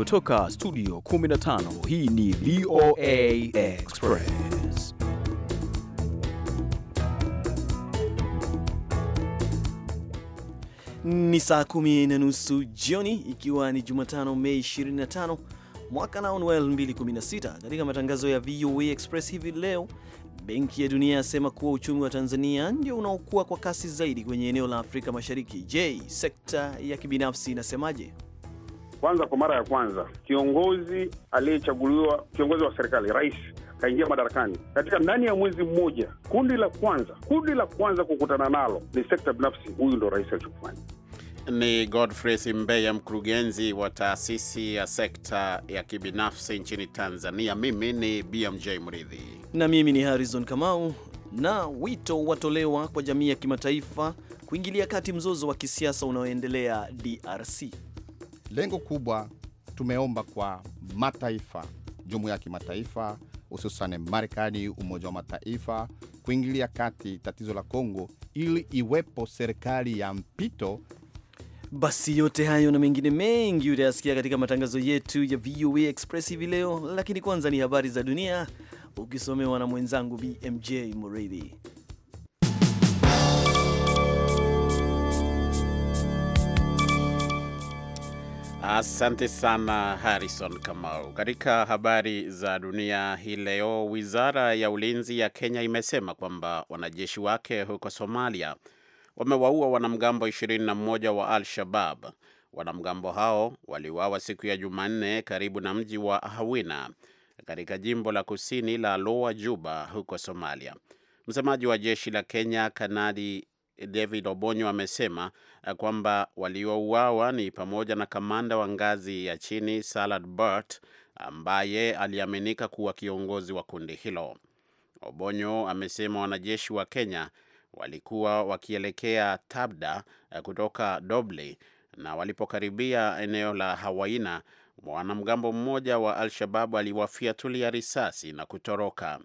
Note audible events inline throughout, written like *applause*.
Kutoka studio 15 hii ni VOA Express. Ni saa kumi na nusu jioni ikiwa ni Jumatano Mei 25 mwaka nao ni wa 2016. Katika matangazo ya VOA Express hivi leo, Benki ya Dunia yasema kuwa uchumi wa Tanzania ndio unaokuwa kwa kasi zaidi kwenye eneo la Afrika Mashariki. Je, sekta ya kibinafsi inasemaje? Kwanza, kwa mara ya kwanza kiongozi aliyechaguliwa, kiongozi wa serikali, rais kaingia madarakani katika ndani ya mwezi mmoja. Kundi la kwanza, kundi la kwanza kukutana nalo ni sekta binafsi. Huyu ndo rais alichokufanya. Ni Godfrey Simbeya, mkurugenzi wa taasisi ya sekta ya kibinafsi nchini Tanzania. Mimi ni BMJ Mridhi na mimi ni Harrison Kamau. Na wito watolewa kwa jamii ya kimataifa kuingilia kati mzozo wa kisiasa unaoendelea DRC lengo kubwa tumeomba kwa mataifa, jumuiya ya kimataifa, hususan Marekani, Umoja wa Mataifa kuingilia kati tatizo la Kongo ili iwepo serikali ya mpito. Basi yote hayo na mengine mengi utayasikia katika matangazo yetu ya VOA Express hivi leo, lakini kwanza ni habari za dunia ukisomewa na mwenzangu BMJ Mureithi. Asante sana Harrison Kamau. Katika habari za dunia hii leo, wizara ya ulinzi ya Kenya imesema kwamba wanajeshi wake huko Somalia wamewaua wanamgambo 21 wa Al-Shabab. Wanamgambo hao waliuawa siku ya Jumanne karibu na mji wa Hawina katika jimbo la kusini la Lower Juba huko Somalia. Msemaji wa jeshi la Kenya Kanali David Obonyo amesema eh, kwamba waliouawa ni pamoja na kamanda wa ngazi ya chini Salad Burt ambaye aliaminika kuwa kiongozi wa kundi hilo. Obonyo amesema wanajeshi wa Kenya walikuwa wakielekea Tabda eh, kutoka dobly na walipokaribia eneo la Hawaina, mwanamgambo mmoja wa Al-Shababu aliwafiatulia risasi na kutoroka.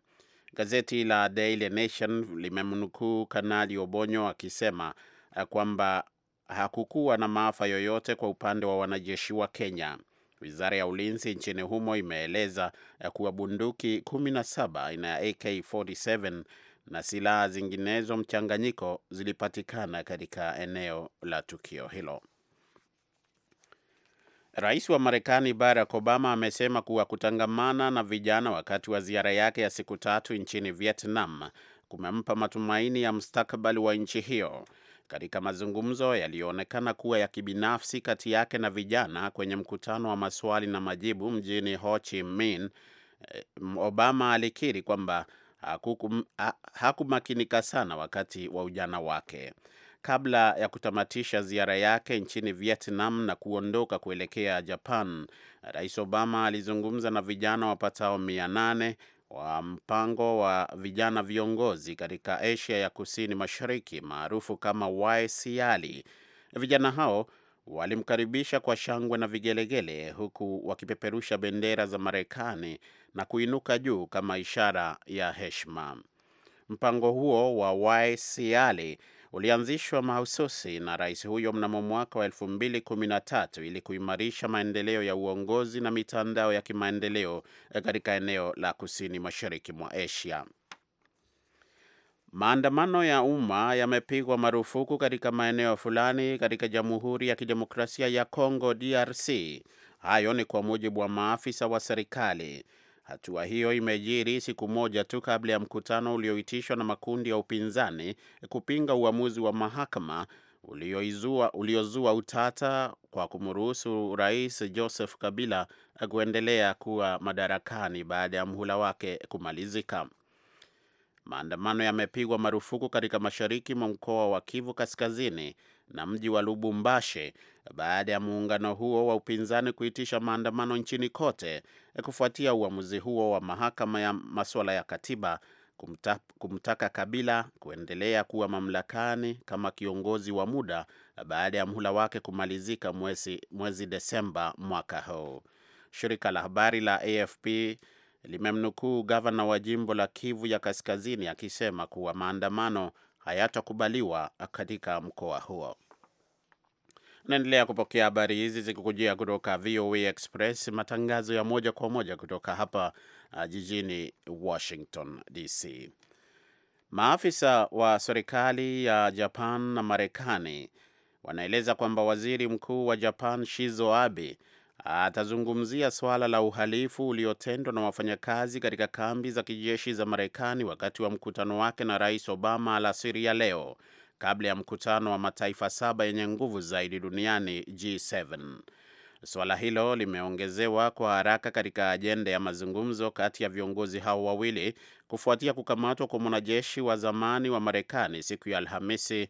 Gazeti la Daily Nation limemnukuu Kanali Obonyo akisema eh, kwamba hakukuwa na maafa yoyote kwa upande wa wanajeshi wa Kenya. Wizara ya ulinzi nchini humo imeeleza eh, kuwa bunduki 17 aina ya AK47 na silaha zinginezo mchanganyiko zilipatikana katika eneo la tukio hilo. Rais wa Marekani Barack Obama amesema kuwa kutangamana na vijana wakati wa ziara yake ya siku tatu nchini Vietnam kumempa matumaini ya mustakabali wa nchi hiyo. Katika mazungumzo yaliyoonekana kuwa ya kibinafsi kati yake na vijana kwenye mkutano wa maswali na majibu mjini Ho Chi Minh, eh, Obama alikiri kwamba hakumakinika sana wakati wa ujana wake kabla ya kutamatisha ziara yake nchini Vietnam na kuondoka kuelekea Japan. Rais Obama alizungumza na vijana wapatao mia nane wa mpango wa vijana viongozi katika Asia ya Kusini Mashariki maarufu kama YSEALI. Vijana hao walimkaribisha kwa shangwe na vigelegele huku wakipeperusha bendera za Marekani na kuinuka juu kama ishara ya heshima. Mpango huo wa YSEALI ulianzishwa mahususi na rais huyo mnamo mwaka wa 213 ili kuimarisha maendeleo ya uongozi na mitandao ya kimaendeleo eh, katika eneo la kusini mashariki mwa Asia. Maandamano ya umma yamepigwa marufuku katika maeneo fulani katika Jamhuri ya Kidemokrasia ya congo DRC. Hayo ni kwa mujibu wa maafisa wa serikali. Hatua hiyo imejiri siku moja tu kabla ya mkutano ulioitishwa na makundi ya upinzani kupinga uamuzi wa mahakama ulioizua uliozua utata kwa kumruhusu Rais Joseph Kabila kuendelea kuwa madarakani baada ya mhula wake kumalizika. Maandamano yamepigwa marufuku katika mashariki mwa mkoa wa Kivu Kaskazini na mji wa Lubumbashi baada ya muungano huo wa upinzani kuitisha maandamano nchini kote eh, kufuatia uamuzi huo wa mahakama ya masuala ya katiba kumta, kumtaka Kabila kuendelea kuwa mamlakani kama kiongozi wa muda baada ya mhula wake kumalizika mwezi, mwezi Desemba mwaka huu. Shirika la habari la AFP limemnukuu gavana wa jimbo la Kivu ya Kaskazini akisema kuwa maandamano hayatakubaliwa katika mkoa huo. Naendelea kupokea habari hizi zikikujia kutoka VOA Express, matangazo ya moja kwa moja kutoka hapa ah, jijini Washington DC. Maafisa wa serikali ya Japan na Marekani wanaeleza kwamba waziri mkuu wa Japan Shizo Abe atazungumzia suala la uhalifu uliotendwa na wafanyakazi katika kambi za kijeshi za Marekani wakati wa mkutano wake na Rais Obama alasiri ya leo kabla ya mkutano wa mataifa saba yenye nguvu zaidi duniani G7. Suala hilo limeongezewa kwa haraka katika ajenda ya mazungumzo kati ya viongozi hao wawili kufuatia kukamatwa kwa mwanajeshi wa zamani wa Marekani siku ya Alhamisi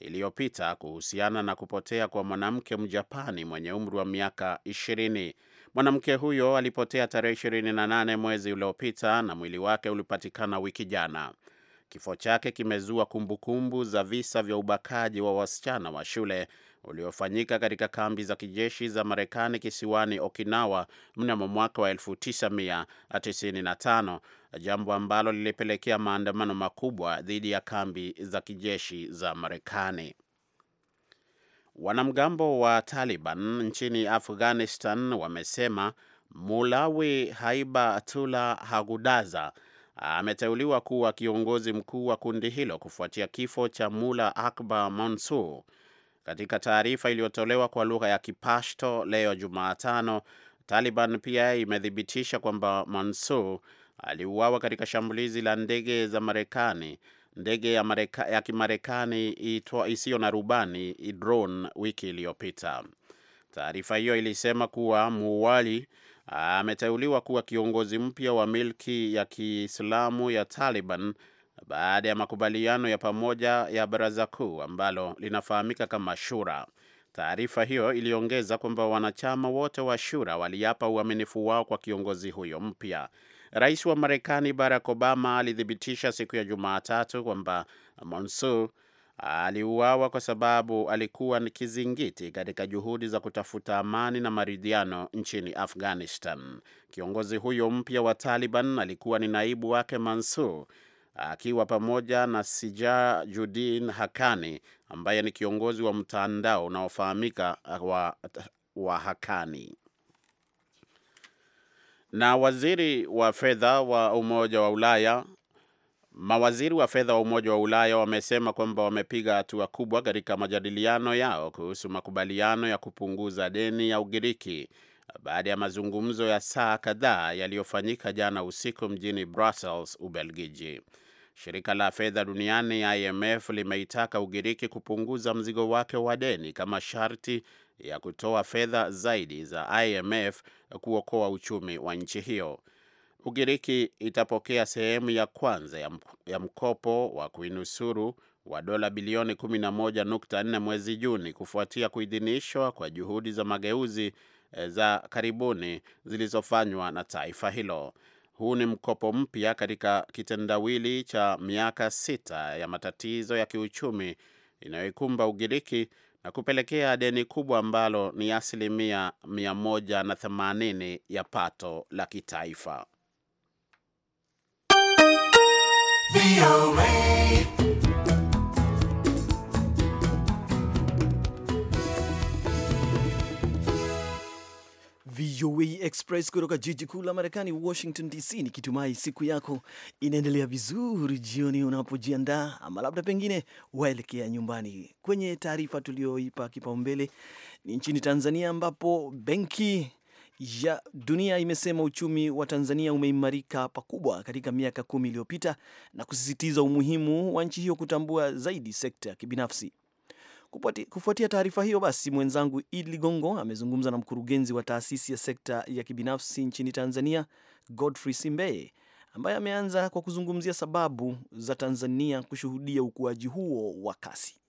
iliyopita kuhusiana na kupotea kwa mwanamke Mjapani mwenye umri wa miaka ishirini. Mwanamke huyo alipotea tarehe ishirini na nane mwezi uliopita na mwili wake ulipatikana wiki jana. Kifo chake kimezua kumbukumbu za visa vya ubakaji wa wasichana wa shule uliofanyika katika kambi za kijeshi za Marekani kisiwani Okinawa mnamo mwaka wa 1995, jambo ambalo lilipelekea maandamano makubwa dhidi ya kambi za kijeshi za Marekani. Wanamgambo wa Taliban nchini Afghanistan wamesema Mulawi Haibatullah Hagudaza ameteuliwa kuwa kiongozi mkuu wa kundi hilo kufuatia kifo cha Mula Akbar Mansur katika taarifa iliyotolewa kwa lugha ya Kipashto leo Jumatano, Taliban pia imethibitisha kwamba Mansur aliuawa katika shambulizi la ndege za Marekani, ndege ya, ya Kimarekani isiyo na rubani drone wiki iliyopita. Taarifa hiyo ilisema kuwa muuaji ameteuliwa kuwa kiongozi mpya wa milki ya Kiislamu ya Taliban baada ya makubaliano ya pamoja ya baraza kuu ambalo linafahamika kama Shura. Taarifa hiyo iliongeza kwamba wanachama wote wa Shura waliapa uaminifu wao kwa kiongozi huyo mpya. Rais wa Marekani Barack Obama alithibitisha siku ya Jumatatu kwamba Mansour aliuawa kwa sababu alikuwa ni kizingiti katika juhudi za kutafuta amani na maridhiano nchini Afghanistan. Kiongozi huyo mpya wa Taliban alikuwa ni naibu wake Mansour akiwa pamoja na Sija Judin Hakani ambaye ni kiongozi wa mtandao unaofahamika ah, wa, wa Hakani. Na waziri wa fedha wa Umoja wa Ulaya Mawaziri wa fedha wa Umoja wa Ulaya wamesema kwamba wamepiga hatua kubwa katika majadiliano yao kuhusu makubaliano ya kupunguza deni ya Ugiriki baada ya mazungumzo ya saa kadhaa yaliyofanyika jana usiku mjini Brussels, Ubelgiji. Shirika la fedha duniani IMF limeitaka Ugiriki kupunguza mzigo wake wa deni kama sharti ya kutoa fedha zaidi za IMF kuokoa uchumi wa nchi hiyo. Ugiriki itapokea sehemu ya kwanza ya mkopo wa kuinusuru wa dola bilioni 11.4 mwezi Juni kufuatia kuidhinishwa kwa juhudi za mageuzi eh, za karibuni zilizofanywa na taifa hilo. Huu ni mkopo mpya katika kitendawili cha miaka sita ya matatizo ya kiuchumi inayoikumba Ugiriki na kupelekea deni kubwa ambalo ni asilimia 180 ya pato la kitaifa. VOA Express kutoka jiji kuu la Marekani, Washington DC, nikitumai siku yako inaendelea vizuri jioni unapojiandaa ama labda pengine waelekea nyumbani. Kwenye taarifa tuliyoipa kipaumbele ni nchini Tanzania, ambapo Benki ya Dunia imesema uchumi wa Tanzania umeimarika pakubwa katika miaka kumi iliyopita na kusisitiza umuhimu wa nchi hiyo kutambua zaidi sekta ya kibinafsi. Kufuatia taarifa hiyo, basi mwenzangu Id Ligongo amezungumza na mkurugenzi wa taasisi ya sekta ya kibinafsi nchini Tanzania, Godfrey Simbeye, ambaye ameanza kwa kuzungumzia sababu za Tanzania kushuhudia ukuaji huo wa kasi.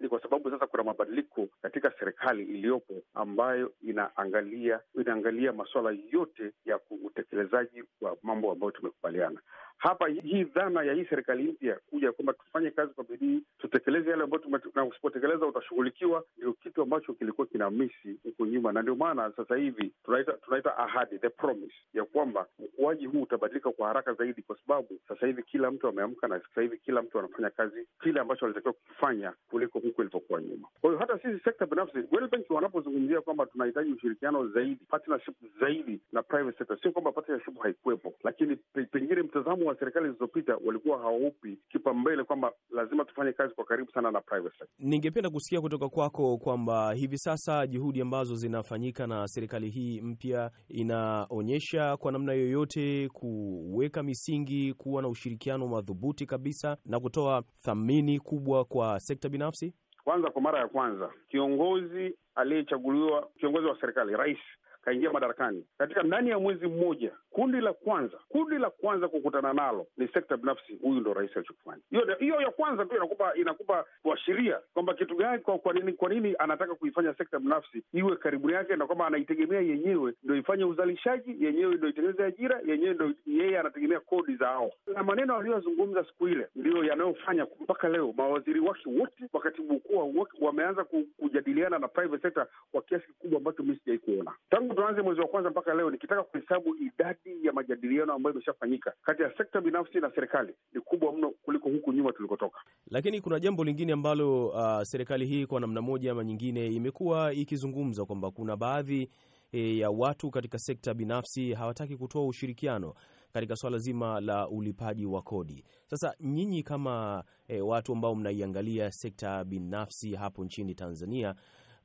Ni kwa sababu sasa kuna mabadiliko katika serikali iliyopo ambayo inaangalia inaangalia masuala yote ya utekelezaji wa mambo ambayo tumekubaliana hapa hii dhana ya hii serikali mpya kuja kwamba tufanye kazi kwa bidii, tutekeleze yale ambayo na usipotekeleza utashughulikiwa, ndio kitu ambacho kilikuwa kina misi huko nyuma, na ndio maana sasa hivi tunaita tunaita ahadi, the promise ya kwamba ukuaji huu utabadilika kwa haraka zaidi, kwa sababu sasa hivi kila mtu ameamka, na sasa hivi kila mtu anafanya kazi kile ambacho alitakiwa kufanya kuliko huku ilivyokuwa nyuma. Kwa hiyo hata sisi sekta binafsi, World Bank wanapozungumzia kwamba tunahitaji ushirikiano zaidi, partnership zaidi na private sector, sio kwamba partnership haikuwepo, lakini pengine mtazamo wa serikali zilizopita walikuwa hawaupi kipaumbele kwamba lazima tufanye kazi kwa karibu sana na private sector. Ningependa kusikia kutoka kwako kwamba hivi sasa juhudi ambazo zinafanyika na serikali hii mpya inaonyesha kwa namna yoyote kuweka misingi, kuwa na ushirikiano madhubuti kabisa na kutoa thamini kubwa kwa sekta binafsi. Kwanza, kwa mara ya kwanza kiongozi aliyechaguliwa, kiongozi wa serikali, rais kaingia madarakani katika ndani ya mwezi mmoja Kundi la kwanza, kundi la kwanza kukutana nalo ni sekta binafsi. Huyu ndo rais alichokifanya. Hiyo ya kwanza tu inakupa inakupa kuashiria kwamba kitu gani, kwa, kwa nini kwa nini anataka kuifanya sekta binafsi iwe karibu yake, na kwamba anaitegemea yenyewe ndo ifanye uzalishaji yenyewe, ndo itengeneze ajira yenyewe, ndo yeye anategemea kodi zao, na maneno aliyozungumza siku ile ndiyo yanayofanya mpaka leo mawaziri wake wote, wakatibu mkuu wameanza kujadiliana na private sector kwa kiasi kikubwa ambacho mi sijai kuona tangu tuanze mwezi wa kwanza mpaka leo, nikitaka kuhesabu idadi kasi ya majadiliano ambayo imeshafanyika kati ya sekta binafsi na serikali ni kubwa mno kuliko huku nyuma tulikotoka. Lakini kuna jambo lingine ambalo uh, serikali hii kwa namna moja ama nyingine imekuwa ikizungumza kwamba kuna baadhi e, ya watu katika sekta binafsi hawataki kutoa ushirikiano katika swala zima la ulipaji wa kodi. Sasa nyinyi kama e, watu ambao mnaiangalia sekta binafsi hapo nchini Tanzania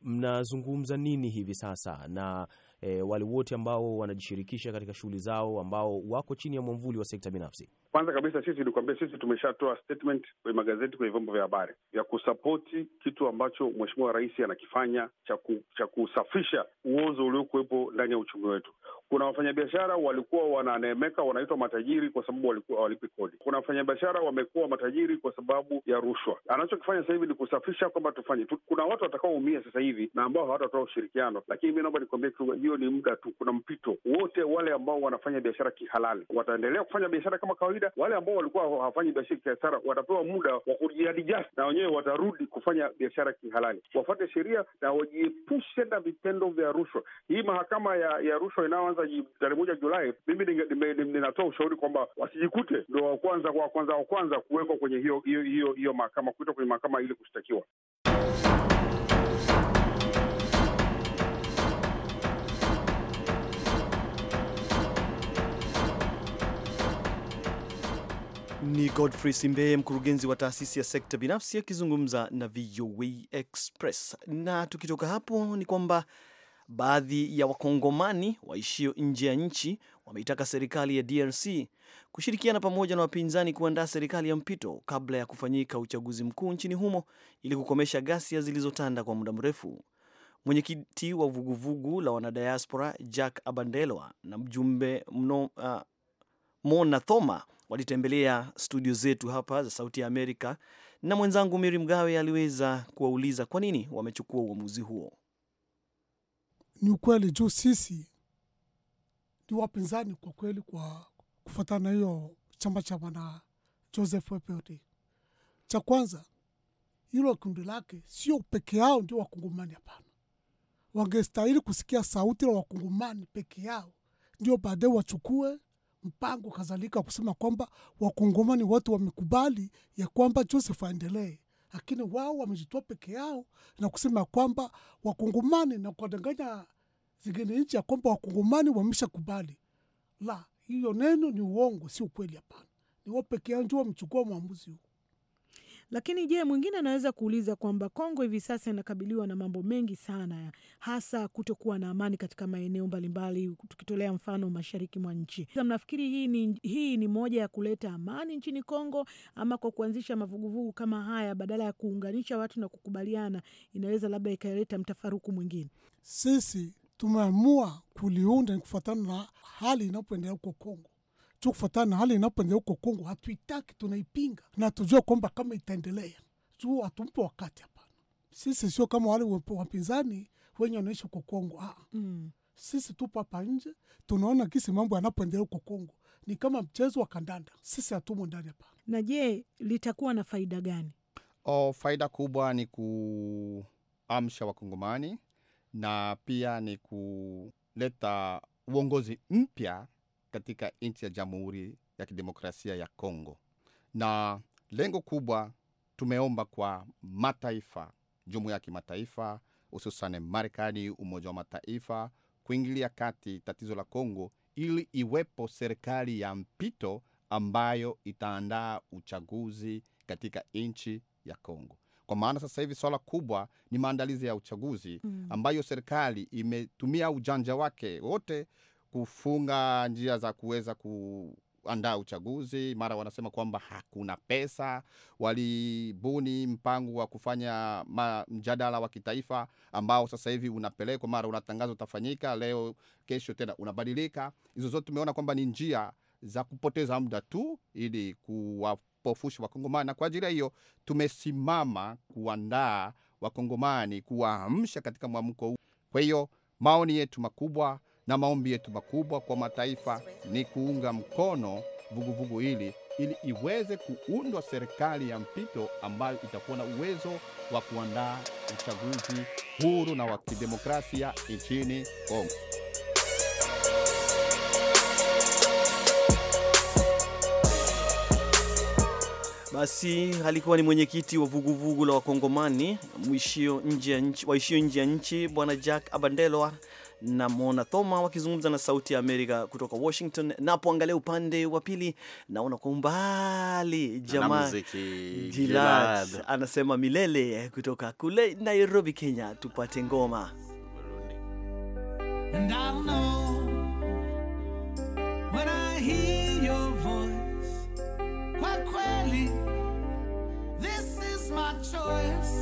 mnazungumza nini hivi sasa na e, wale wote ambao wanajishirikisha katika shughuli zao ambao wako chini ya mwamvuli wa sekta binafsi? Kwanza kabisa sisi nikuambia, sisi tumeshatoa statement kwenye magazeti, kwenye vyombo vya habari ya kusapoti kitu ambacho mheshimiwa rais anakifanya cha cha kusafisha uozo uliokuwepo ndani ya uchumi wetu. Kuna wafanyabiashara walikuwa wananeemeka, wanaitwa matajiri kwa sababu walikuwa hawalipi kodi. Kuna wafanyabiashara wamekuwa matajiri kwa sababu ya rushwa. Anachokifanya sasa hivi ni kusafisha kwamba tufanye. Kuna watu watakaoumia sasa hivi na ambao hawatatoa ushirikiano, lakini mi naomba nikuambia hiyo ni muda tu, kuna mpito. Wote wale ambao wanafanya biashara kihalali wataendelea kufanya biashara kama kawaida kawaida, wale ambao walikuwa hawafanyi biashara watapewa muda wa kujiadjust, na wenyewe watarudi kufanya biashara kihalali. wafate sheria na wajiepushe na vitendo vya rushwa. Hii mahakama ya, ya rushwa inayoanza tarehe moja Julai, mimi ninatoa ushauri kwamba wasijikute ndo wa kwanza wa kwanza wa kwanza kuwekwa kwenye hiyo hiyo hiyo mahakama, kuitwa kwenye mahakama ili kushtakiwa. Ni Godfrey Simbeye, mkurugenzi wa taasisi ya sekta binafsi akizungumza na VOA Express. Na tukitoka hapo ni kwamba baadhi ya wakongomani waishio nje ya nchi wameitaka serikali ya DRC kushirikiana pamoja na wapinzani kuandaa serikali ya mpito kabla ya kufanyika uchaguzi mkuu nchini humo ili kukomesha ghasia zilizotanda kwa muda mrefu. Mwenyekiti wa vuguvugu la wanadiaspora Jack Abandelwa na mjumbe mno, uh, Mona Thoma walitembelea studio zetu hapa za Sauti ya Amerika, na mwenzangu Miri Mgawe aliweza kuwauliza kwa nini wamechukua uamuzi huo. Ni ukweli juu sisi ni wapinzani kwa kweli, kwa kufuatana hiyo chama cha bwana Joseph Wepedi. Cha kwanza hilo kundi lake sio peke yao ndio wakungumani, hapana. Wangestahili kusikia sauti la wakungumani peke yao, ndio baadaye wachukue mpango kadhalika kusema kwamba wakongomani wote wamekubali ya kwamba Joseph aendelee lakini wao wamejitoa peke yao na kusema kwamba wakongomani na kuwadanganya zingine nchi ya kwamba wakongomani wameshakubali. La, hiyo neno ni uongo, si ukweli. Hapana, ni wao peke yao ndio wamechukua mwamuzi huu. Lakini je, mwingine anaweza kuuliza kwamba Kongo hivi sasa inakabiliwa na mambo mengi sana, hasa kutokuwa na amani katika maeneo mbalimbali, tukitolea mfano mashariki mwa nchi. Mnafikiri hii ni, hii ni moja ya kuleta amani nchini Kongo, ama kwa kuanzisha mavuguvugu kama haya badala ya kuunganisha watu na kukubaliana, inaweza labda ikaleta mtafaruku mwingine? Sisi tumeamua kuliunda ni kufuatana na hali inapoendelea huko Kongo tu na hali inapoendelea huko Kongo. Hatuitaki, tunaipinga na tujua kwamba kama itaendelea tu, hatumpe wakati. Hapana, sisi sio kama wale wapinzani wenye wanaishi huko Kongo. Ah, mm. Sisi tupo hapa nje tunaona kisi mambo yanapoendelea huko Kongo ni kama mchezo wa kandanda, sisi hatumo ndani hapa. Na je, litakuwa na faida gani? O, faida kubwa ni kuamsha Wakongomani na pia ni kuleta uongozi mpya katika nchi ya Jamhuri ya Kidemokrasia ya congo na lengo kubwa tumeomba kwa mataifa, jumuiya ya kimataifa, hususan Marekani, Umoja wa Mataifa kuingilia kati tatizo la congo ili iwepo serikali ya mpito ambayo itaandaa uchaguzi katika nchi ya congo kwa maana sasa hivi swala kubwa ni maandalizi ya uchaguzi mm. ambayo serikali imetumia ujanja wake wote kufunga njia za kuweza kuandaa uchaguzi. Mara wanasema kwamba hakuna pesa. Walibuni mpango wa kufanya mjadala wa kitaifa ambao sasa hivi unapelekwa, mara unatangaza utafanyika leo, kesho tena unabadilika. Hizo zote tumeona kwamba ni njia za kupoteza muda tu ili kuwapofusha Wakongomani, na kwa ajili ya hiyo tumesimama kuandaa Wakongomani, kuwaamsha katika mwamko huu. Kwa hiyo maoni yetu makubwa na maombi yetu makubwa kwa mataifa ni kuunga mkono vuguvugu hili ili iweze kuundwa serikali ya mpito ambayo itakuwa na uwezo wa kuandaa uchaguzi huru na wa kidemokrasia nchini Kongo. Basi alikuwa ni mwenyekiti wa vuguvugu la wakongomani waishio nje ya nchi, Bwana Jack Abandelwa na Mona Thoma wakizungumza na Sauti ya Amerika kutoka Washington. Napoangalia upande wa pili, naona kwa umbali jamaa Jilad anasema milele kutoka kule Nairobi, Kenya. Tupate ngoma And know choice.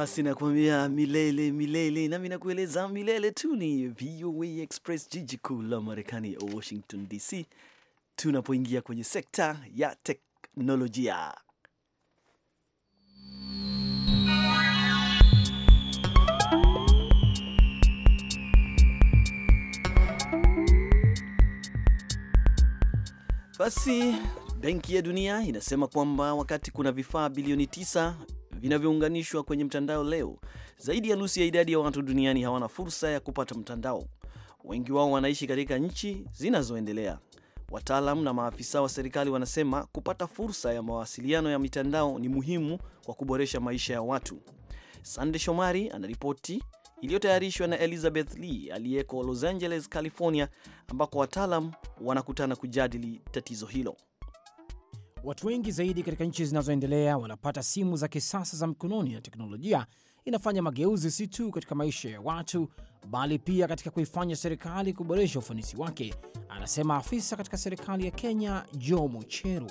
Basi nakuambia milele milele, nami nakueleza milele tu. Ni VOA Express, jiji kuu la Marekani, Washington DC, tunapoingia kwenye sekta ya teknolojia. Basi Benki ya Dunia inasema kwamba wakati kuna vifaa bilioni tisa vinavyounganishwa kwenye mtandao leo, zaidi ya nusu ya idadi ya watu duniani hawana fursa ya kupata mtandao. Wengi wao wanaishi katika nchi zinazoendelea. Wataalam na maafisa wa serikali wanasema kupata fursa ya mawasiliano ya mitandao ni muhimu kwa kuboresha maisha ya watu. Sande Shomari anaripoti iliyotayarishwa na Elizabeth Lee aliyeko Los Angeles, California, ambako wataalam wanakutana kujadili tatizo hilo. Watu wengi zaidi katika nchi zinazoendelea wanapata simu za kisasa za mkononi, na teknolojia inafanya mageuzi si tu katika maisha ya watu, bali pia katika kuifanya serikali kuboresha ufanisi wake, anasema afisa katika serikali ya Kenya, Joe Mucheru.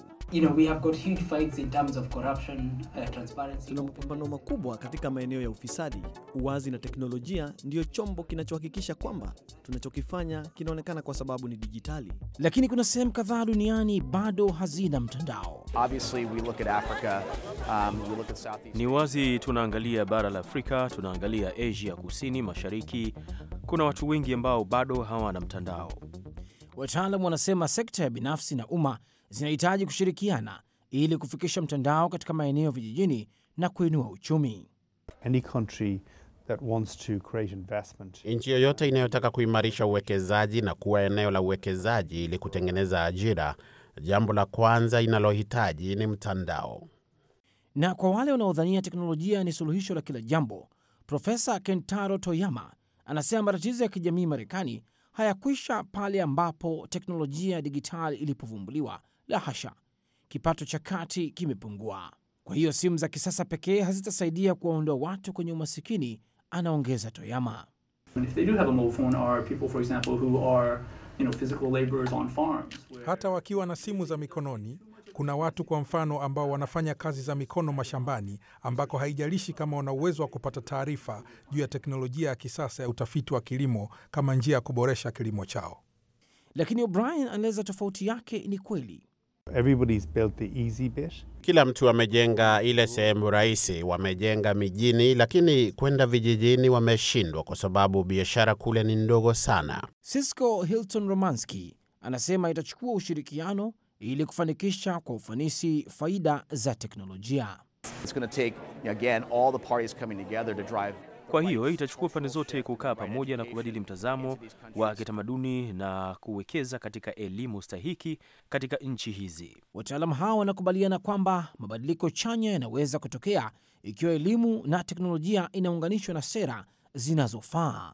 Tuna uh, mapambano makubwa katika maeneo ya ufisadi. Uwazi na teknolojia ndiyo chombo kinachohakikisha kwamba tunachokifanya kinaonekana kwa sababu ni dijitali, lakini kuna sehemu kadhaa duniani bado hazina mtandao. Africa, um, Ni wazi tunaangalia bara la Afrika, tunaangalia Asia Kusini, Mashariki. Kuna watu wengi ambao bado hawana mtandao. Wataalamu wanasema sekta ya binafsi na umma zinahitaji kushirikiana ili kufikisha mtandao katika maeneo vijijini na kuinua uchumi. Nchi yoyote inayotaka kuimarisha uwekezaji na kuwa eneo la uwekezaji ili kutengeneza ajira, jambo la kwanza inalohitaji ni mtandao. Na kwa wale wanaodhania teknolojia ni suluhisho la kila jambo, Profesa Kentaro Toyama anasema matatizo ya kijamii Marekani hayakwisha pale ambapo teknolojia ya dijitali ilipovumbuliwa la hasha, kipato cha kati kimepungua. Kwa hiyo simu za kisasa pekee hazitasaidia kuwaondoa watu kwenye umasikini, anaongeza Toyama. Hata wakiwa na simu za mikononi, kuna watu kwa mfano ambao wanafanya kazi za mikono mashambani, ambako haijalishi kama wana uwezo wa kupata taarifa juu ya teknolojia ya kisasa ya utafiti wa kilimo kama njia ya kuboresha kilimo chao. Lakini O'Brien anaeleza tofauti yake ni kweli Everybody's built the easy bit. Kila mtu amejenga ile sehemu rahisi, wamejenga mijini, lakini kwenda vijijini wameshindwa kwa sababu biashara kule ni ndogo sana. Cisco Hilton Romanski anasema itachukua ushirikiano ili kufanikisha kwa ufanisi faida za teknolojia. It's going to take, again, all the parties coming together to drive kwa hiyo itachukua pande zote kukaa pamoja na kubadili mtazamo wa kitamaduni na kuwekeza katika elimu stahiki katika nchi hizi. Wataalamu hao wanakubaliana kwamba mabadiliko chanya yanaweza kutokea ikiwa elimu na teknolojia inaunganishwa na sera zinazofaa.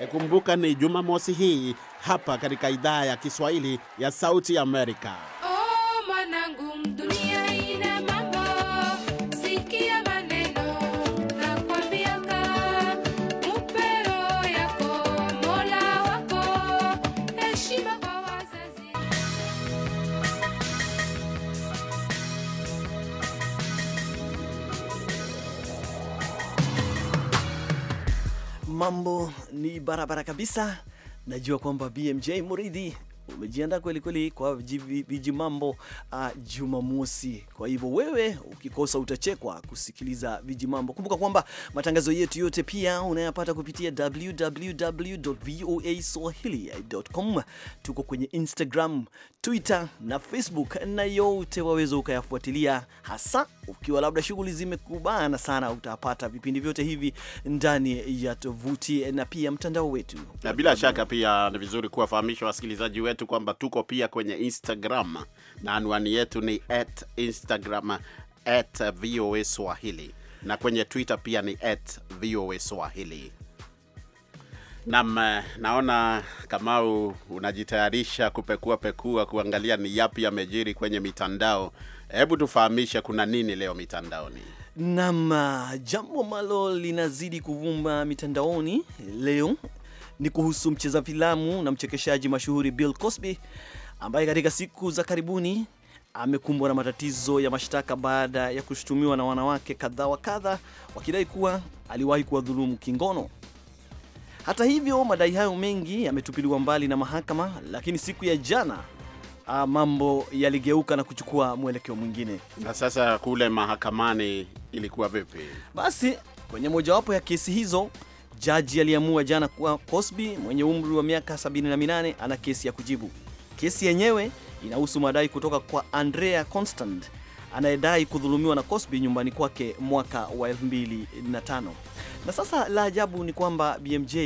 ekumbuka ni Jumamosi hii hapa katika idhaa ya Kiswahili ya Sauti Amerika. Oh, mambo ni barabara kabisa. Najua kwamba BMJ Muridhi umejiandaa kweli kweli kwa viji mambo uh, Jumamosi. Kwa hivyo wewe ukikosa utachekwa kusikiliza viji mambo. Kumbuka kwamba matangazo yetu yote pia unayapata kupitia www.voaswahili.com. Tuko kwenye Instagram, Twitter na Facebook na yote waweza ukayafuatilia, hasa ukiwa labda shughuli zimekubana sana, utapata vipindi vyote hivi ndani ya tovuti na pia mtandao wetu. Na bila shaka pia ni vizuri kuwafahamisha wasikilizaji wetu kwamba tuko pia kwenye Instagram na anwani yetu ni at Instagram at VOA Swahili na kwenye Twitter pia ni at VOA Swahili nam eh, naona Kamau unajitayarisha kupekua pekua kuangalia ni yapi yamejiri kwenye mitandao. Hebu tufahamishe kuna nini leo mitandaoni? nam eh, jambo ambalo linazidi kuvuma mitandaoni leo ni kuhusu mcheza filamu na mchekeshaji mashuhuri Bill Cosby ambaye katika siku za karibuni amekumbwa na matatizo ya mashtaka baada ya kushutumiwa na wanawake kadha wa kadha wakidai kuwa aliwahi kuwadhulumu kingono. Hata hivyo, madai hayo mengi yametupiliwa mbali na mahakama, lakini siku ya jana a, ah, mambo yaligeuka na kuchukua mwelekeo mwingine. Na sasa kule mahakamani ilikuwa vipi? Basi kwenye mojawapo ya kesi hizo jaji aliamua jana kuwa Cosby mwenye umri wa miaka 78 ana kesi ya kujibu. Kesi yenyewe inahusu madai kutoka kwa Andrea Constant anayedai kudhulumiwa na Cosby nyumbani kwake mwaka wa 2005. Na sasa la ajabu ni kwamba BMJ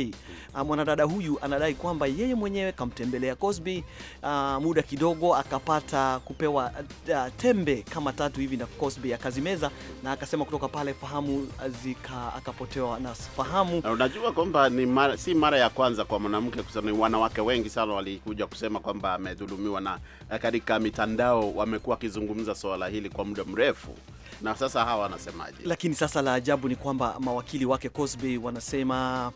uh, mwanadada huyu anadai kwamba yeye mwenyewe kamtembelea Cosby uh, muda kidogo akapata kupewa uh, tembe kama tatu hivi na Cosby akazimeza, na akasema kutoka pale fahamu zika akapotewa na fahamu. unajua kwamba ni mara, si mara ya kwanza kwa mwanamke kusema, wanawake wengi sana walikuja kusema kwamba amedhulumiwa, na eh, katika mitandao wamekuwa wakizungumza swala hili kwa muda mrefu na sasa hawa wanasemaje? Lakini sasa la ajabu ni kwamba mawakili wake Cosby wanasema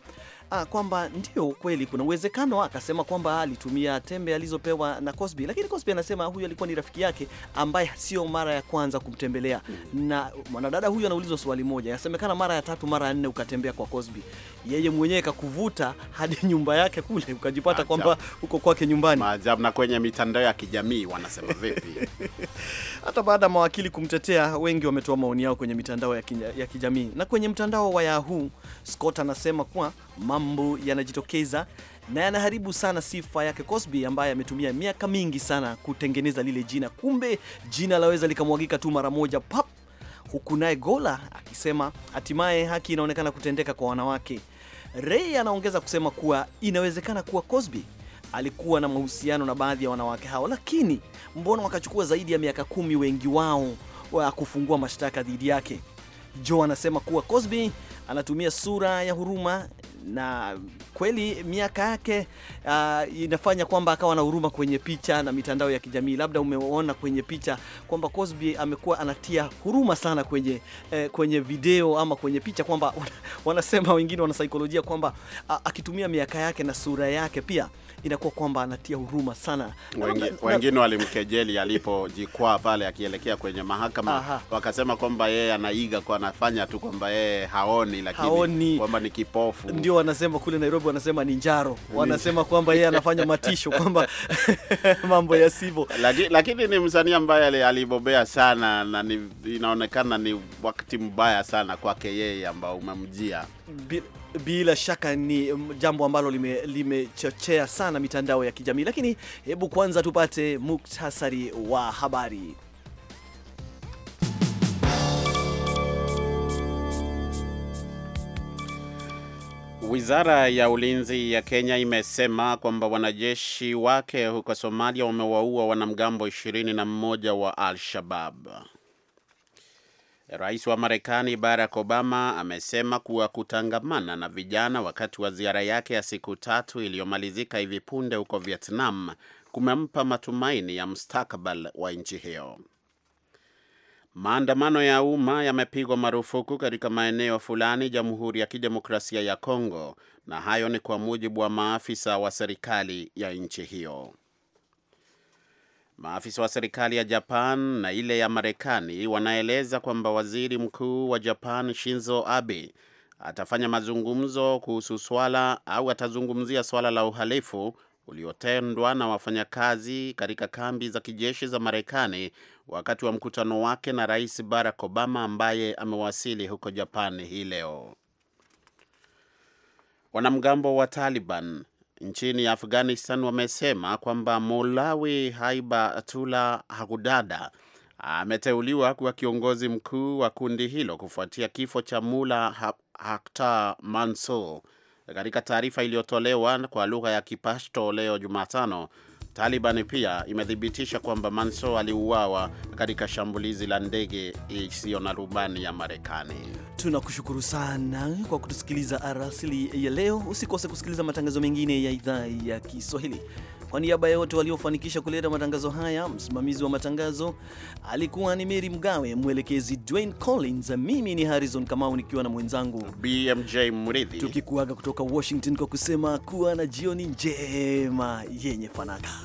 ah, kwamba ndio kweli kuna uwezekano akasema kwamba alitumia tembe alizopewa na Cosby, lakini Cosby anasema huyu alikuwa ni rafiki yake ambaye sio mara ya kwanza kumtembelea, hmm. na mwanadada huyu anaulizwa swali moja, yasemekana mara ya tatu, mara ya nne ukatembea kwa Cosby, yeye mwenyewe kakuvuta hadi nyumba yake kule, ukajipata kwamba uko kwake nyumbani. Maajabu. Na kwenye mitandao ya kijamii wanasema vipi? *laughs* Hata baada ya mawakili kumtetea, wengi wametoa maoni yao kwenye mitandao ya kijamii na kwenye mtandao wa Yahoo, Scott anasema kuwa mambo yanajitokeza na yanaharibu sana sifa yake Cosby, ambaye ametumia miaka mingi sana kutengeneza lile jina. Kumbe jina laweza likamwagika tu mara moja pap, huku naye Gola akisema hatimaye haki inaonekana kutendeka kwa wanawake. Ray anaongeza kusema kuwa inawezekana kuwa Cosby alikuwa na mahusiano na baadhi ya wanawake hao, lakini mbona wakachukua zaidi ya miaka kumi wengi wao wa kufungua mashtaka dhidi yake? Joe anasema kuwa Cosby anatumia sura ya huruma na kweli miaka yake uh, inafanya kwamba akawa na huruma kwenye picha na mitandao ya kijamii. Labda umeona kwenye picha kwamba Cosby amekuwa anatia huruma sana kwenye, eh, kwenye video ama kwenye picha kwamba *laughs* wanasema wengine wana saikolojia kwamba uh, akitumia miaka yake na sura yake pia inakuwa kwamba anatia huruma sana. Wengine walimkejeli alipojikwaa pale akielekea kwenye mahakama aha, wakasema kwamba yeye anaiga kwa anafanya tu kwamba yeye haoni, lakini kwamba ni kipofu ndio wanasema kule Nairobi wanasema ni njaro, wanasema kwamba yeye anafanya matisho *laughs* kwamba *laughs* mambo yasivyo, lakini lakini ni msanii ambaye alibobea sana na ni, inaonekana ni wakati mbaya sana kwake yeye ambao umemjia Bil bila shaka ni mm, jambo ambalo limechochea lime sana mitandao ya kijamii, lakini hebu kwanza tupate muktasari wa habari. Wizara ya ulinzi ya Kenya imesema kwamba wanajeshi wake huko Somalia wamewaua wanamgambo ishirini na mmoja wa Al-Shabab. Rais wa Marekani Barack Obama amesema kuwa kutangamana na vijana wakati wa ziara yake ya siku tatu iliyomalizika hivi punde huko Vietnam kumempa matumaini ya mustakabali wa nchi hiyo. Maandamano ya umma yamepigwa marufuku katika maeneo fulani Jamhuri ya Kidemokrasia ya Kongo, na hayo ni kwa mujibu wa maafisa wa serikali ya nchi hiyo. Maafisa wa serikali ya Japan na ile ya Marekani wanaeleza kwamba waziri mkuu wa Japan Shinzo Abe atafanya mazungumzo kuhusu swala au atazungumzia swala la uhalifu uliotendwa na wafanyakazi katika kambi za kijeshi za Marekani wakati wa mkutano wake na Rais Barack Obama ambaye amewasili huko japan hii leo. Wanamgambo wa Taliban nchini Afghanistan wamesema kwamba Haiba Tula Hakudada ameteuliwa kuwa kiongozi mkuu wa kundi hilo kufuatia kifo cha Mula Haktar Mansur. Katika taarifa iliyotolewa kwa lugha ya Kipashto leo Jumatano, Taliban pia imethibitisha kwamba Manso aliuawa katika shambulizi la ndege isiyo na rubani ya Marekani. Tunakushukuru sana kwa kutusikiliza arasili ya leo. Usikose kusikiliza matangazo mengine ya idhaa ya Kiswahili. Kwa niaba ya wote waliofanikisha kuleta matangazo haya, msimamizi wa matangazo alikuwa ni Mary Mgawe, mwelekezi Dwayne Collins, mimi ni Harrison Kamau nikiwa na mwenzangu BMJ Mridhi, tukikuaga kutoka Washington kwa kusema kuwa na jioni njema yenye fanaka.